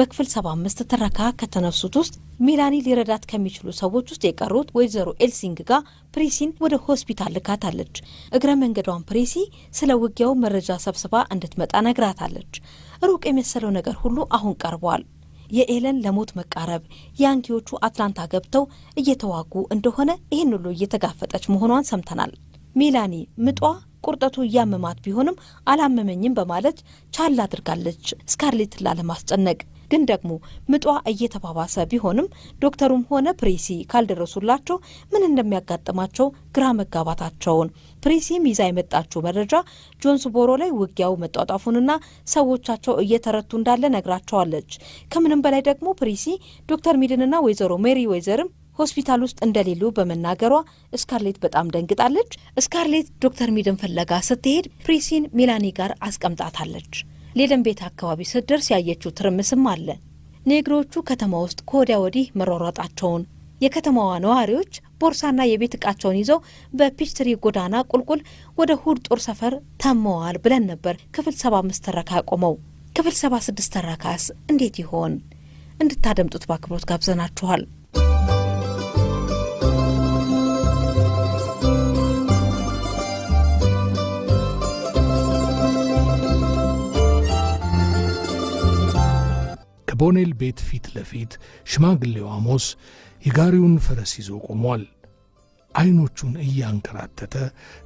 በክፍል 75 ትረካ ከተነሱት ውስጥ ሚላኒ ሊረዳት ከሚችሉ ሰዎች ውስጥ የቀሩት ወይዘሮ ኤልሲንግ ጋር ፕሬሲን ወደ ሆስፒታል ልካታለች። እግረ መንገዷን ፕሬሲ ስለ ውጊያው መረጃ ሰብስባ እንድትመጣ ነግራታለች። ሩቅ የመሰለው ነገር ሁሉ አሁን ቀርቧል። የኤለን ለሞት መቃረብ፣ ያንኪዎቹ አትላንታ ገብተው እየተዋጉ እንደሆነ፣ ይህን ሁሉ እየተጋፈጠች መሆኗን ሰምተናል። ሚላኒ ምጧ ቁርጠቱ እያመማት ቢሆንም አላመመኝም በማለት ቻል አድርጋለች ስካርሌት ላለማስጨነቅ። ግን ደግሞ ምጧ እየተባባሰ ቢሆንም ዶክተሩም ሆነ ፕሬሲ ካልደረሱላቸው ምን እንደሚያጋጥማቸው ግራ መጋባታቸውን ፕሬሲም ይዛ የመጣችው መረጃ ጆንስቦሮ ላይ ውጊያው መጧጧፉንና ሰዎቻቸው እየተረቱ እንዳለ ነግራቸዋለች። ከምንም በላይ ደግሞ ፕሬሲ ዶክተር ሚድንና ወይዘሮ ሜሪ ወይዘርም ሆስፒታል ውስጥ እንደሌሉ በመናገሯ ስካርሌት በጣም ደንግጣለች። ስካርሌት ዶክተር ሚድን ፍለጋ ስትሄድ ፕሪሲን ሚላኒ ጋር አስቀምጣታለች። ሌደን ቤት አካባቢ ስትደርስ ያየችው ትርምስም አለ። ኔግሮቹ ከተማ ውስጥ ከወዲያ ወዲህ መሯሯጣቸውን የከተማዋ ነዋሪዎች ቦርሳና የቤት እቃቸውን ይዘው በፒችትሪ ጎዳና ቁልቁል ወደ ሁድ ጦር ሰፈር ተመዋል ብለን ነበር። ክፍል 75 ተረካ ያቆመው። ክፍል 76 ተረካስ እንዴት ይሆን? እንድታደምጡት በአክብሮት ጋብዘናችኋል። ከቦኔል ቤት ፊት ለፊት ሽማግሌው አሞስ የጋሪውን ፈረስ ይዞ ቆሟል። ዐይኖቹን እያንከራተተ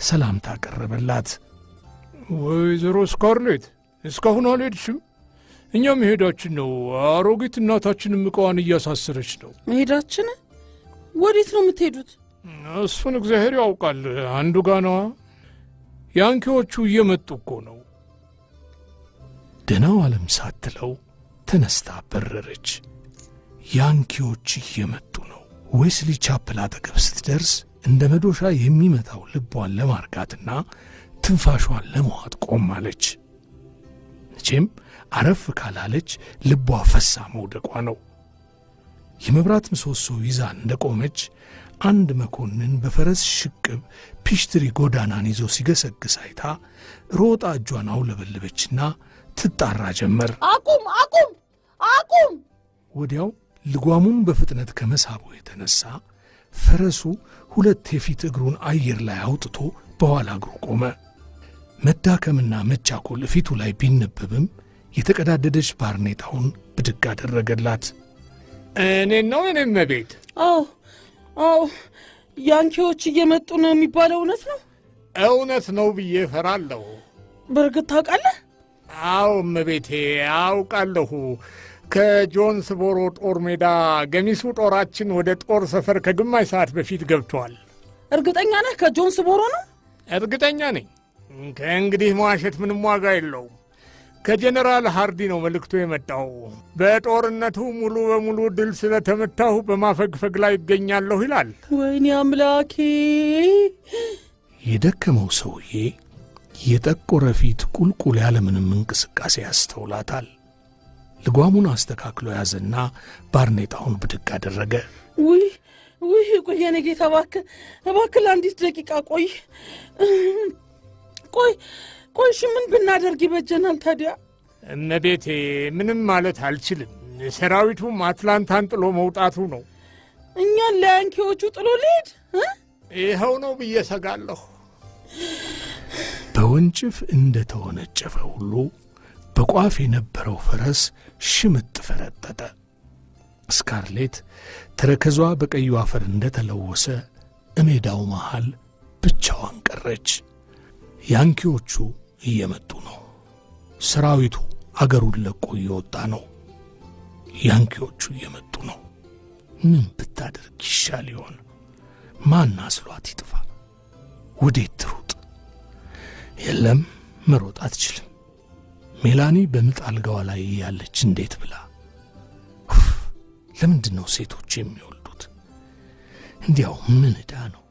ሰላምታ ቀረበላት። ወይዘሮ ስካርሌት እስካሁን አልሄድሽም? እኛ መሄዳችን ነው። አሮጊት እናታችንም ዕቃዋን እያሳሰረች ነው። መሄዳችን? ወዴት ነው የምትሄዱት? እሱን እግዚአብሔር ያውቃል። አንዱ ጋ ነዋ። ያንኪዎቹ እየመጡ እኮ ነው። ደናው አለም ሳትለው ተነስታ በረረች። ያንኪዎች እየመጡ ነው። ዌስሊ ቻፕል አጠገብ ስትደርስ እንደ መዶሻ የሚመታው ልቧን ለማርጋትና ትንፋሿን ለመዋጥ ቆማለች። መቼም አረፍ ካላለች ልቧ ፈሳ መውደቋ ነው። የመብራት ምሰሶ ይዛ እንደ ቆመች አንድ መኮንን በፈረስ ሽቅብ ፒሽትሪ ጎዳናን ይዞ ሲገሰግስ አይታ ሮጣ እጇን አውለበለበችና ትጣራ ጀመር። አቁም አቁም አቁም! ወዲያው ልጓሙን በፍጥነት ከመሳቡ የተነሳ ፈረሱ ሁለት የፊት እግሩን አየር ላይ አውጥቶ በኋላ እግሩ ቆመ። መዳከምና መቻኮል ፊቱ ላይ ቢነበብም የተቀዳደደች ባርኔጣውን ብድግ አደረገላት። እኔን ነው እኔም መቤት? አዎ አዎ፣ ያንኪዎች እየመጡ ነው የሚባለው እውነት ነው? እውነት ነው ብዬ እፈራለሁ። በእርግጥ ታውቃለህ? አዎ እመቤቴ አውቃለሁ። ከጆንስቦሮ ጦር ሜዳ ገሚሱ ጦራችን ወደ ጦር ሰፈር ከግማሽ ሰዓት በፊት ገብቷል። እርግጠኛ ነህ ከጆንስቦሮ ነው? እርግጠኛ ነኝ። ከእንግዲህ መዋሸት ምንም ዋጋ የለውም። ከጀነራል ሃርዲ ነው መልእክቱ የመጣው። በጦርነቱ ሙሉ በሙሉ ድል ስለተመታሁ በማፈግፈግ ላይ ይገኛለሁ ይላል። ወይኔ አምላኬ! የደከመው ሰውዬ የጠቆረ ፊት ቁልቁል ያለምንም እንቅስቃሴ ያስተውላታል። ልጓሙን አስተካክሎ ያዘና ባርኔጣውን ብድግ አደረገ። ውይ ውይ፣ ቆይ የኔ ጌታ እባክህ እባክህ ለአንዲት ደቂቃ ቆይ ቆይ ቆይ፣ እሺ ምን ብናደርግ ይበጀናል ታዲያ? እመቤቴ፣ ምንም ማለት አልችልም። ሰራዊቱም አትላንታን ጥሎ መውጣቱ ነው። እኛን ለያንኪዎቹ ጥሎ ሊሄድ ይኸው ነው ብዬ ሰጋለሁ። በወንጭፍ እንደ ተወነጨፈ ሁሉ በቋፍ የነበረው ፈረስ ሽምጥ ፈረጠጠ። ስካርሌት ተረከዟ በቀዩ አፈር እንደ ተለወሰ እሜዳው መሃል ብቻዋን ቀረች። ያንኪዎቹ እየመጡ ነው። ሰራዊቱ አገሩን ለቆ እየወጣ ነው። ያንኪዎቹ እየመጡ ነው። ምን ብታደርግ ይሻል ይሆን? ማን አስሏት ይጥፋ? ወዴት ትሩጥ? የለም መሮጥ አትችልም። ሜላኒ በምጥ አልጋዋ ላይ ያለች እንዴት ብላ ለምንድን ነው ሴቶች የሚወልዱት? እንዲያው ምን ዕዳ ነው?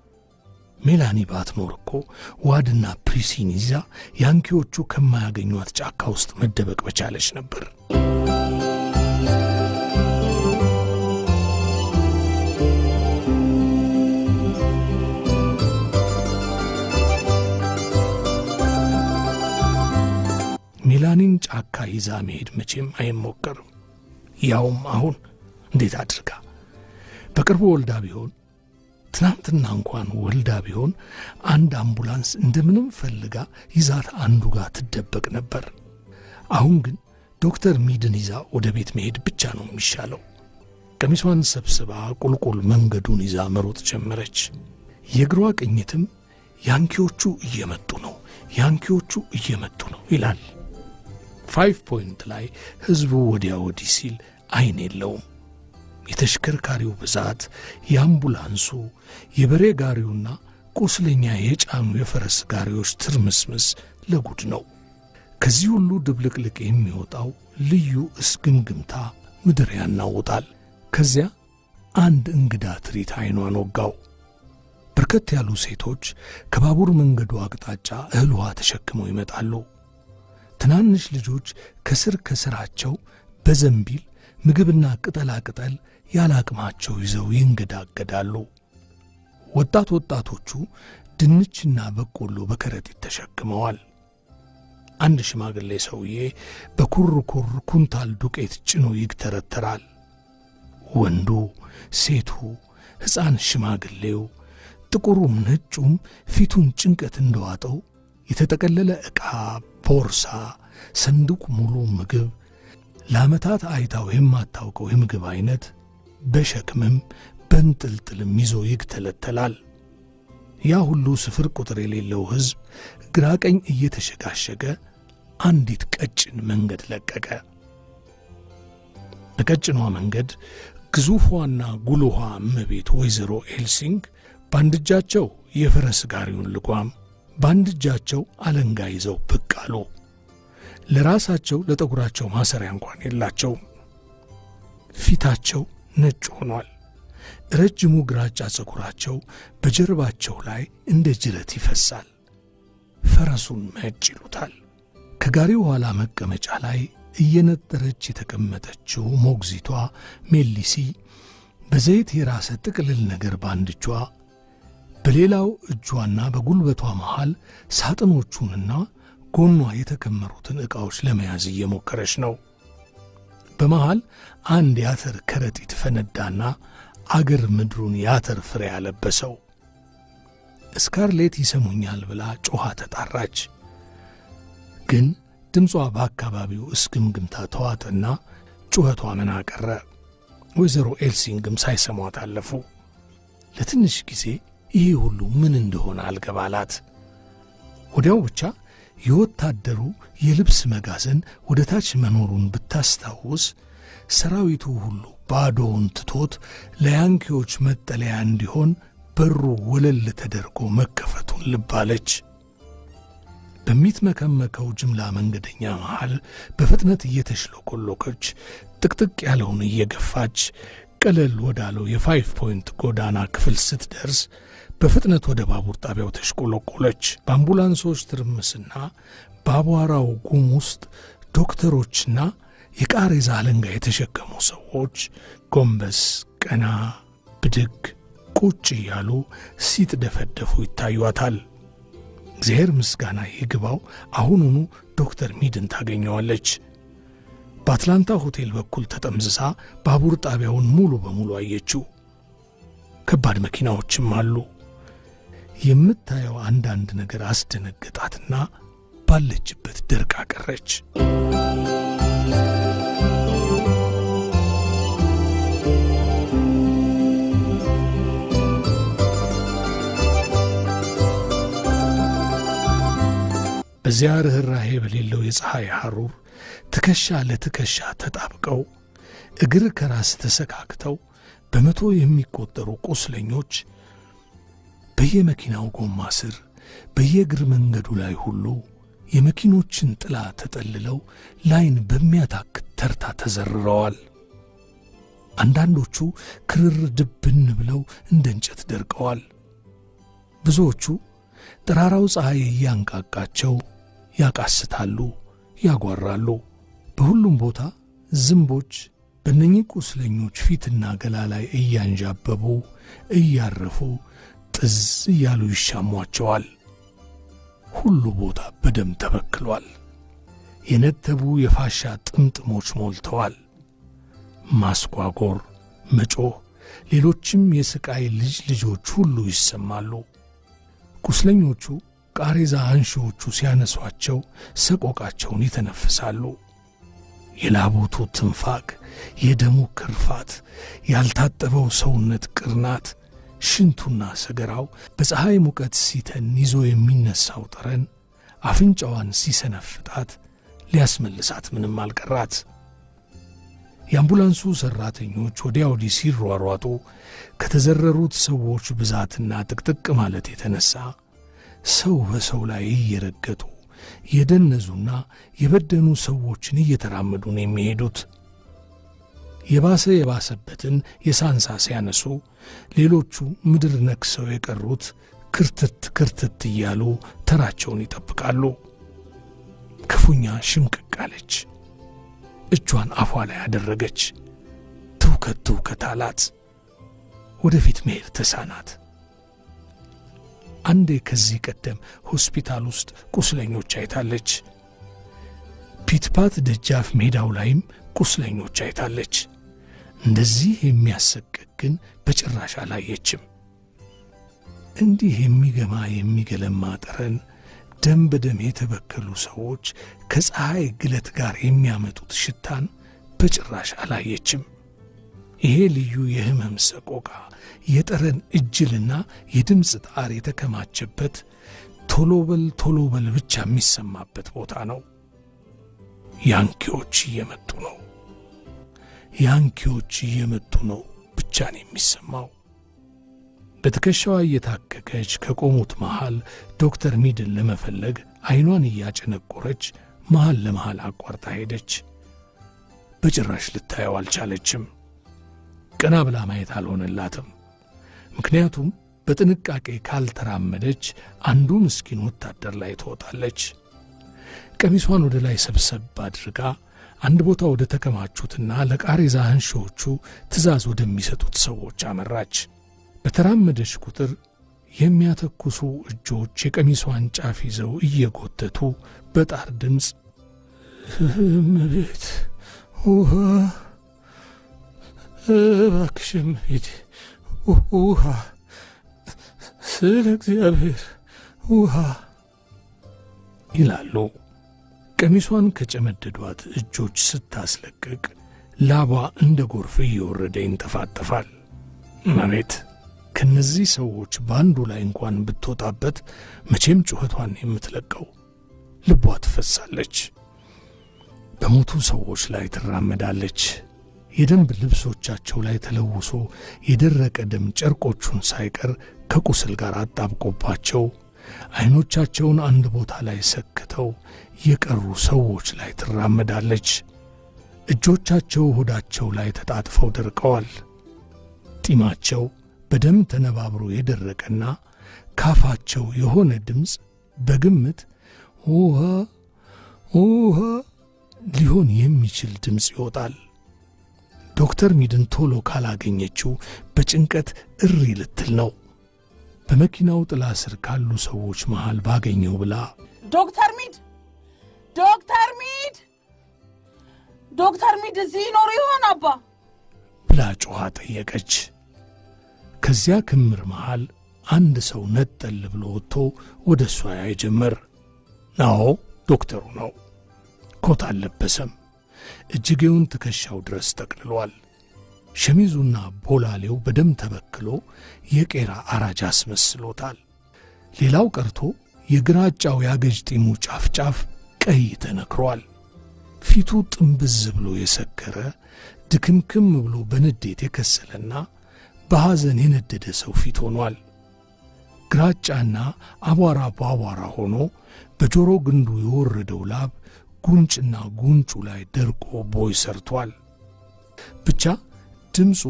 ሜላኒ ባትኖር እኮ ዋድና ፕሪሲን ይዛ ያንኪዎቹ ከማያገኟት ጫካ ውስጥ መደበቅ በቻለች ነበር። ጫካ ይዛ መሄድ መቼም አይሞከርም። ያውም አሁን እንዴት አድርጋ በቅርቡ ወልዳ ቢሆን ትናንትና እንኳን ወልዳ ቢሆን አንድ አምቡላንስ እንደምንም ፈልጋ ይዛት አንዱ ጋር ትደበቅ ነበር። አሁን ግን ዶክተር ሚድን ይዛ ወደ ቤት መሄድ ብቻ ነው የሚሻለው። ቀሚሷን ሰብስባ ቁልቁል መንገዱን ይዛ መሮጥ ጀመረች። የእግሯ ቅኝትም ያንኪዎቹ እየመጡ ነው፣ ያንኪዎቹ እየመጡ ነው ይላል። ፋይቭ ፖይንት ላይ ሕዝቡ ወዲያ ወዲህ ሲል አይን የለውም። የተሽከርካሪው ብዛት፣ የአምቡላንሱ፣ የበሬ ጋሪውና ቁስለኛ የጫኑ የፈረስ ጋሪዎች ትርምስምስ ለጉድ ነው። ከዚህ ሁሉ ድብልቅልቅ የሚወጣው ልዩ እስግምግምታ ምድር ያናውጣል። ከዚያ አንድ እንግዳ ትርኢት ዐይኗን ወጋው። በርከት ያሉ ሴቶች ከባቡር መንገዱ አቅጣጫ እህል ውሃ ተሸክመው ይመጣሉ። ትናንሽ ልጆች ከስር ከስራቸው በዘንቢል ምግብና ቅጠላቅጠል ያላቅማቸው ይዘው ይንገዳገዳሉ። ወጣት ወጣቶቹ ድንችና በቆሎ በከረጢት ተሸክመዋል። አንድ ሽማግሌ ሰውዬ በኩርኩር ኩንታል ዱቄት ጭኖ ይግተረተራል። ወንዱ፣ ሴቱ፣ ሕፃን፣ ሽማግሌው፣ ጥቁሩም ነጩም ፊቱን ጭንቀት እንደዋጠው የተጠቀለለ ዕቃ ቦርሳ፣ ሰንዱቅ ሙሉ ምግብ፣ ለዓመታት አይታው የማታውቀው የምግብ አይነት በሸክምም በንጥልጥልም ይዞ ይግተለተላል። ያ ሁሉ ስፍር ቁጥር የሌለው ሕዝብ ግራ ቀኝ እየተሸጋሸገ አንዲት ቀጭን መንገድ ለቀቀ። በቀጭኗ መንገድ ግዙፏና ጉልኋ እመቤት ወይዘሮ ኤልሲንግ በአንድ እጃቸው የፈረስ ጋሪውን ልጓም በአንድ እጃቸው አለንጋ ይዘው ብቅ አሉ። ለራሳቸው ለጠጉራቸው ማሰሪያ እንኳን የላቸውም። ፊታቸው ነጭ ሆኗል። ረጅሙ ግራጫ ፀጉራቸው በጀርባቸው ላይ እንደ ጅረት ይፈሳል። ፈረሱን መጭ ይሉታል። ከጋሪው ኋላ መቀመጫ ላይ እየነጠረች የተቀመጠችው ሞግዚቷ ሜሊሲ በዘይት የራሰ ጥቅልል ነገር በአንድ እጇ በሌላው እጇና በጉልበቷ መሃል ሳጥኖቹንና ጎኗ የተከመሩትን ዕቃዎች ለመያዝ እየሞከረች ነው። በመሃል አንድ የአተር ከረጢት ፈነዳና አገር ምድሩን የአተር ፍሬ ያለበሰው። እስካርሌት ይሰሙኛል ብላ ጮኻ ተጣራች። ግን ድምጿ በአካባቢው እስግምግምታ ተዋጠና ጩኸቷ ምን አቀረ። ወይዘሮ ኤልሲንግም ሳይሰሟት አለፉ። ለትንሽ ጊዜ ይሄ ሁሉ ምን እንደሆነ አልገባላት። ወዲያው ብቻ የወታደሩ የልብስ መጋዘን ወደ ታች መኖሩን ብታስታውስ ሰራዊቱ ሁሉ ባዶውን ትቶት ለያንኪዎች መጠለያ እንዲሆን በሩ ወለል ተደርጎ መከፈቱን ልባለች። በሚትመከመከው ጅምላ መንገደኛ መሃል በፍጥነት እየተሽለቆሎቀች ጥቅጥቅ ያለውን እየገፋች ቀለል ወዳለው የፋይቭ ፖይንት ጎዳና ክፍል ስትደርስ በፍጥነት ወደ ባቡር ጣቢያው ተሽቆለቆለች። በአምቡላንሶች ትርምስና በአቧራው ጉም ውስጥ ዶክተሮችና የቃሬዛ አለንጋ የተሸከሙ ሰዎች ጎንበስ ቀና፣ ብድግ፣ ቁጭ እያሉ ሲትደፈደፉ ይታዩታል። እግዚአብሔር ምስጋና ይግባው፣ አሁኑኑ ዶክተር ሚድን ታገኘዋለች። በአትላንታ ሆቴል በኩል ተጠምዝሳ ባቡር ጣቢያውን ሙሉ በሙሉ አየችው። ከባድ መኪናዎችም አሉ። የምታየው አንዳንድ ነገር አስደነገጣትና ባለችበት ደርቃ ቀረች። በዚያ ርኅራሄ በሌለው የፀሐይ ሐሩር ትከሻ ለትከሻ ተጣብቀው እግር ከራስ ተሰካክተው በመቶ የሚቆጠሩ ቁስለኞች በየመኪናው ጎማ ስር በየእግር መንገዱ ላይ ሁሉ የመኪኖችን ጥላ ተጠልለው ላይን በሚያታክት ተርታ ተዘርረዋል። አንዳንዶቹ ክርር ድብን ብለው እንደ እንጨት ደርቀዋል። ብዙዎቹ ጠራራው ፀሐይ እያንቃቃቸው ያቃስታሉ፣ ያጓራሉ። በሁሉም ቦታ ዝንቦች በነኚህ ቁስለኞች ፊትና ገላ ላይ እያንዣበቡ እያረፉ ጥዝ እያሉ ይሻሟቸዋል። ሁሉ ቦታ በደም ተበክሏል። የነጠቡ የፋሻ ጥምጥሞች ሞልተዋል። ማስጓጎር፣ መጮህ፣ ሌሎችም የሥቃይ ልጅ ልጆች ሁሉ ይሰማሉ። ቁስለኞቹ ቃሬዛ አንሺዎቹ ሲያነሷቸው ሰቆቃቸውን ይተነፍሳሉ። የላቦቱ ትንፋቅ፣ የደሙ ክርፋት፣ ያልታጠበው ሰውነት ቅርናት ሽንቱና ሰገራው በፀሐይ ሙቀት ሲተን ይዞ የሚነሳው ጠረን አፍንጫዋን ሲሰነፍጣት ሊያስመልሳት ምንም አልቀራት። የአምቡላንሱ ሠራተኞች ወዲያ ወዲህ ሲሯሯጡ ከተዘረሩት ሰዎች ብዛትና ጥቅጥቅ ማለት የተነሳ ሰው በሰው ላይ እየረገጡ የደነዙና የበደኑ ሰዎችን እየተራመዱ ነው የሚሄዱት። የባሰ የባሰበትን የሳንሳ ሲያነሱ ሌሎቹ ምድር ነክሰው የቀሩት ክርትት ክርትት እያሉ ተራቸውን ይጠብቃሉ። ክፉኛ ሽምቅቅ አለች። እጇን አፏ ላይ አደረገች። ትውከት ትውከት አላት። ወደፊት መሄድ ተሳናት። አንዴ ከዚህ ቀደም ሆስፒታል ውስጥ ቁስለኞች አይታለች። ፒትፓት ደጃፍ ሜዳው ላይም ቁስለኞች አይታለች። እንደዚህ የሚያሰቅቅ ግን በጭራሽ አላየችም። እንዲህ የሚገማ የሚገለማ ጠረን ደም በደም የተበከሉ ሰዎች ከፀሐይ ግለት ጋር የሚያመጡት ሽታን በጭራሽ አላየችም። ይሄ ልዩ የህመም ሰቆቃ የጠረን እጅልና የድምፅ ጣር የተከማቸበት ቶሎበል ቶሎበል ቶሎ በል ብቻ የሚሰማበት ቦታ ነው። ያንኪዎች እየመጡ ነው። ያንኪዎች እየመጡ ነው ብቻ ነው የሚሰማው። በትከሻዋ እየታከከች ከቆሙት መሃል ዶክተር ሚድን ለመፈለግ ዐይኗን እያጨነቆረች መሃል ለመሃል አቋርጣ ሄደች። በጭራሽ ልታየው አልቻለችም። ቀና ብላ ማየት አልሆነላትም። ምክንያቱም በጥንቃቄ ካልተራመደች አንዱ ምስኪን ወታደር ላይ ትወጣለች። ቀሚሷን ወደ ላይ ሰብሰብ አድርጋ አንድ ቦታ ወደ ተከማቹትና ለቃሬዛ አንሺዎቹ ትእዛዝ ወደሚሰጡት ሰዎች አመራች። በተራመደች ቁጥር የሚያተኩሱ እጆች የቀሚሷን ጫፍ ይዘው እየጎተቱ በጣር ድምፅ እመቤት ውሃ፣ እባክሽ እመቤት ውሃ፣ ስለ እግዚአብሔር ውሃ ይላሉ። ቀሚሷን ከጨመደዷት እጆች ስታስለቅቅ ላቧ እንደ ጎርፍ እየወረደ ይንጠፋጠፋል። መቤት ከነዚህ ሰዎች በአንዱ ላይ እንኳን ብትወጣበት መቼም ጩኸቷን የምትለቀው ልቧ ትፈሳለች። በሞቱ ሰዎች ላይ ትራመዳለች። የደንብ ልብሶቻቸው ላይ ተለውሶ የደረቀ ደም ጨርቆቹን ሳይቀር ከቁስል ጋር አጣብቆባቸው ዐይኖቻቸውን አንድ ቦታ ላይ ሰክተው የቀሩ ሰዎች ላይ ትራመዳለች። እጆቻቸው ሆዳቸው ላይ ተጣጥፈው ደርቀዋል። ጢማቸው በደም ተነባብሮ የደረቀና ካፋቸው የሆነ ድምፅ በግምት ውሃ ውሃ ሊሆን የሚችል ድምፅ ይወጣል። ዶክተር ሚድን ቶሎ ካላገኘችው በጭንቀት እሪ ልትል ነው። በመኪናው ጥላ ስር ካሉ ሰዎች መሃል ባገኘው ብላ ዶክተር ሚድ ዶክተር ሚድ ዶክተር ሚድ እዚህ ይኖሩ ይሆን አባ ብላ ጮኋ ጠየቀች። ከዚያ ክምር መሃል አንድ ሰው ነጠል ብሎ ወጥቶ ወደ እሷ ያይ ጀመር። ናሆ ዶክተሩ ነው። ኮት አልለበሰም። እጅጌውን ትከሻው ድረስ ጠቅልሏል። ሸሚዙና ቦላሌው በደም ተበክሎ የቄራ አራጅ አስመስሎታል። ሌላው ቀርቶ የግራጫው ያገጅ ጢሙ ጫፍ ጫፍ ቀይ ተነክሯል። ፊቱ ጥምብዝ ብሎ የሰከረ ድክምክም ብሎ በንዴት የከሰለና በሐዘን የነደደ ሰው ፊት ሆኗል። ግራጫና አቧራ በአቧራ ሆኖ በጆሮ ግንዱ የወረደው ላብ ጉንጭና ጉንጩ ላይ ደርቆ ቦይ ሰርቷል። ብቻ ድምፁ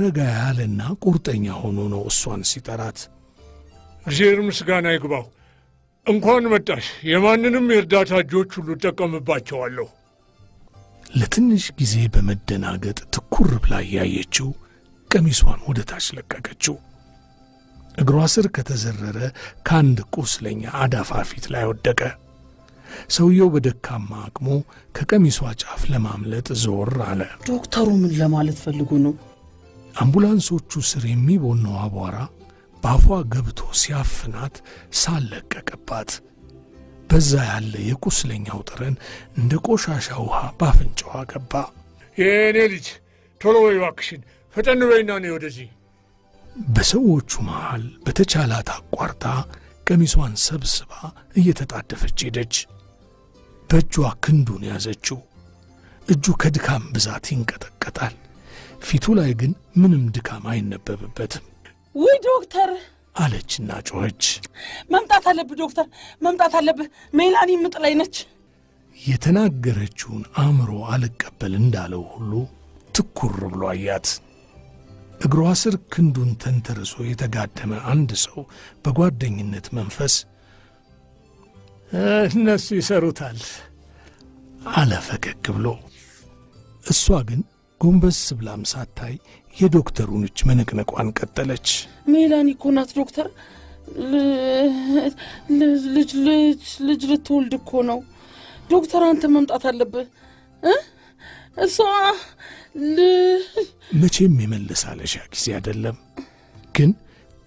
ረጋ ያለና ቁርጠኛ ሆኖ ነው እሷን ሲጠራት። እግዜር ምስጋና ይግባው። እንኳን መጣሽ። የማንንም የእርዳታ እጆች ሁሉ እጠቀምባቸዋለሁ። ለትንሽ ጊዜ በመደናገጥ ትኩር ብላ ያየችው ቀሚሷን ወደ ታች ለቀቀችው። እግሯ ስር ከተዘረረ ከአንድ ቁስለኛ አዳፋ ፊት ላይ ወደቀ። ሰውየው በደካማ አቅሙ ከቀሚሷ ጫፍ ለማምለጥ ዞር አለ። ዶክተሩ ምን ለማለት ፈልጎ ነው? አምቡላንሶቹ ስር የሚቦነው አቧራ በአፏ ገብቶ ሲያፍናት ሳለቀቀባት በዛ ያለ የቁስለኛው ጠረን እንደ ቆሻሻ ውሃ ባፍንጫዋ ገባ። የእኔ ልጅ ቶሎ ወይ እባክሽን፣ ፈጠን በይና ነይ ወደዚህ። በሰዎቹ መሃል በተቻላት አቋርታ ቀሚሷን ሰብስባ እየተጣደፈች ሄደች። በእጇ ክንዱን ያዘችው። እጁ ከድካም ብዛት ይንቀጠቀጣል። ፊቱ ላይ ግን ምንም ድካም አይነበብበትም። ውይ ዶክተር አለችና ጮኸች። መምጣት አለብህ ዶክተር፣ መምጣት አለብህ። ሜላኒ ምጥ ላይ ነች። የተናገረችውን አእምሮ አልቀበል እንዳለው ሁሉ ትኩር ብሎ አያት። እግሯ ስር ክንዱን ተንተርሶ የተጋደመ አንድ ሰው በጓደኝነት መንፈስ እነሱ ይሰሩታል አለ ፈገግ ብሎ። እሷ ግን ጎንበስ ብላም ሳታይ የዶክተሩን እጅ መነቅነቋን ቀጠለች። ሜላኒ ኮናት ዶክተር፣ ልጅ ልጅ ልጅ ልትወልድ እኮ ነው ዶክተር፣ አንተ መምጣት አለብህ። እሷ መቼም የመለሳለሻ ጊዜ አይደለም፣ ግን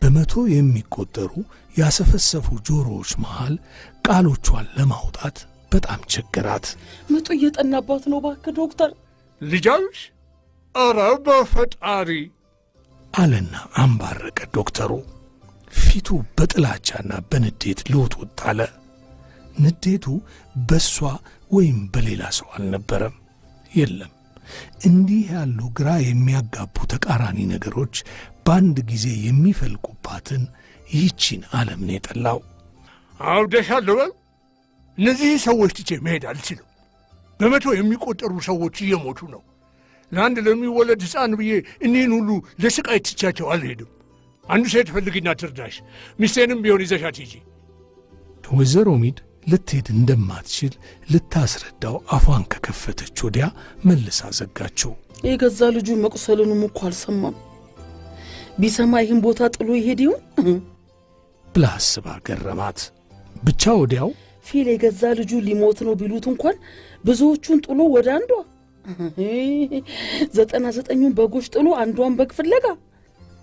በመቶ የሚቆጠሩ ያሰፈሰፉ ጆሮዎች መሃል ቃሎቿን ለማውጣት በጣም ቸገራት። ምጡ እየጠናባት ነው፣ እባክህ ዶክተር ልጃዊሽ፣ ኧረ በፈጣሪ አለና አንባረቀ። ዶክተሩ ፊቱ በጥላቻና በንዴት ልውጥውጥ አለ። ንዴቱ በእሷ ወይም በሌላ ሰው አልነበረም። የለም እንዲህ ያሉ ግራ የሚያጋቡ ተቃራኒ ነገሮች በአንድ ጊዜ የሚፈልቁባትን ይህቺን ዓለም ነው የጠላው። አውደሻለሁ። እነዚህ ሰዎች ትቼ መሄድ አልችልም። በመቶ የሚቆጠሩ ሰዎች እየሞቱ ነው። ለአንድ ለሚወለድ ሕፃን ብዬ እኒህን ሁሉ ለስቃይ ትቻቸው አልሄድም። አንዱ ሴት ፈልግና ትርዳሽ፣ ሚስቴንም ቢሆን ይዘሻት ሂጂ። ወይዘሮ ሚድ ልትሄድ እንደማትችል ልታስረዳው አፏን ከከፈተች ወዲያ መልሳ ዘጋችው። የገዛ ልጁ መቁሰልንም እኮ አልሰማም። ቢሰማ ይህን ቦታ ጥሎ ይሄድ ይሁን ብላ አስባ ገረማት። ብቻ ወዲያው ፊል የገዛ ልጁ ሊሞት ነው ቢሉት እንኳን ብዙዎቹን ጥሎ ወደ አንዷ ዘጠና ዘጠኙን በጎች ጥሎ አንዷን በግ ፍለጋ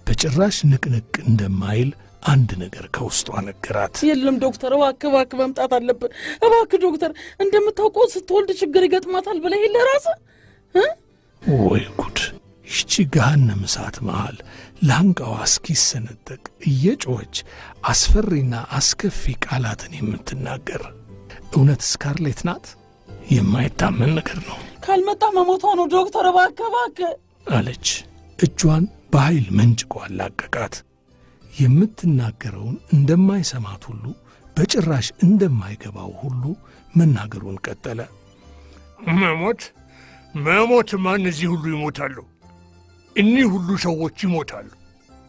በጭራሽ ንቅንቅ እንደማይል አንድ ነገር ከውስጧ ነገራት። የለም ዶክተር፣ እባክህ እባክህ መምጣት አለብን። እባክህ ዶክተር፣ እንደምታውቀው ስትወልድ ችግር ይገጥማታል ብለህ የለ ራስህ ወይ ጉድ ይህቺ ገሃነም እሳት መሃል ላንቃዋ እስኪሰነጠቅ እየጮኸች አስፈሪና አስከፊ ቃላትን የምትናገር እውነት ስካርሌት ናት? የማይታመን ነገር ነው። ካልመጣ መሞቷ ነው። ዶክተር እባክህ እባክህ አለች። እጇን በኃይል መንጭቆ አላቀቃት። የምትናገረውን እንደማይሰማት ሁሉ በጭራሽ እንደማይገባው ሁሉ መናገሩን ቀጠለ። መሞት መሞትማ እነዚህ ሁሉ ይሞታሉ እኒህ ሁሉ ሰዎች ይሞታሉ።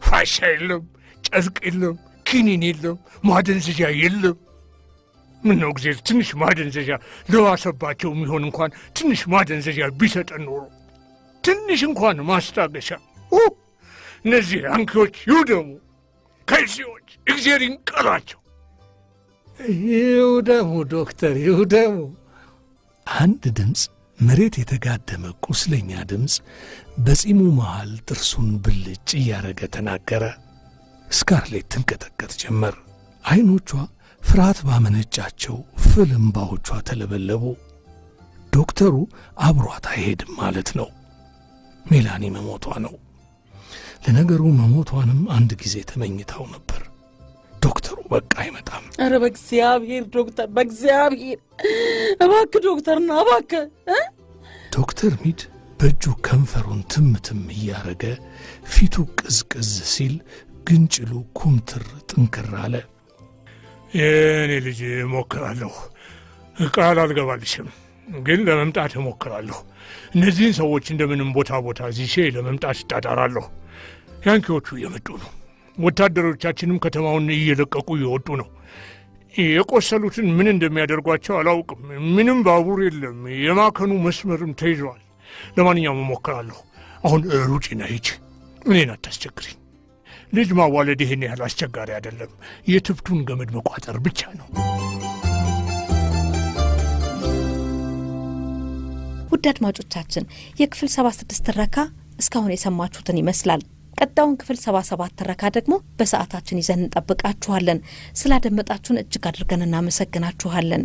ፋሻ የለም፣ ጨርቅ የለም፣ ኪኒን የለም፣ ማደንዘዣ የለም። ምነው ጊዜ ትንሽ ማደንዘዣ ለዋሰባቸው የሚሆን እንኳን ትንሽ ማደንዘዣ ቢሰጠን ኖሮ ትንሽ እንኳን ማስታገሻ። እነዚህ አንኪዎች ይውደሙ፣ ከዚዎች እግዜር ይንቀላቸው። ይውደሙ ዶክተር ይውደሙ። አንድ ድምፅ መሬት የተጋደመ ቁስለኛ ድምፅ በጺሙ መሃል ጥርሱን ብልጭ እያደረገ ተናገረ። ስካርሌት ትንቀጠቀጥ ጀመር። ዐይኖቿ ፍርሃት ባመነጫቸው ፍል እምባዎቿ ተለበለቡ። ዶክተሩ አብሯት አይሄድም ማለት ነው። ሜላኒ መሞቷ ነው። ለነገሩ መሞቷንም አንድ ጊዜ ተመኝታው ነበር። ዶክተሩ በቃ አይመጣም። አረ በእግዚአብሔር ዶክተር፣ በእግዚአብሔር እባክ ዶክተርና እባክ ዶክተር ሚድ በእጁ ከንፈሩን ትምትም እያረገ ፊቱ ቅዝቅዝ ሲል ግንጭሉ ኩምትር ጥንክር አለ። የእኔ ልጅ እሞክራለሁ፣ ቃል አልገባልሽም፣ ግን ለመምጣት እሞክራለሁ። እነዚህን ሰዎች እንደምንም ቦታ ቦታ ዚሼ ለመምጣት እጣጣራለሁ። ያንኪዎቹ እየመጡ ነው። ወታደሮቻችንም ከተማውን እየለቀቁ እየወጡ ነው። የቆሰሉትን ምን እንደሚያደርጓቸው አላውቅም። ምንም ባቡር የለም። የማከኑ መስመርም ተይዘዋል። ለማንኛውም እሞክራለሁ። አሁን ሩጪ ና ሂጅ፣ እኔን አታስቸግሪኝ። ልጅ ማዋለድ ይህን ያህል አስቸጋሪ አይደለም። የትብቱን ገመድ መቋጠር ብቻ ነው። ውድ አድማጮቻችን የክፍል 76 ትረካ እስካሁን የሰማችሁትን ይመስላል። ቀጣዩን ክፍል 77 ትረካ ደግሞ በሰዓታችን ይዘን እንጠብቃችኋለን። ስላደመጣችሁን እጅግ አድርገን እናመሰግናችኋለን።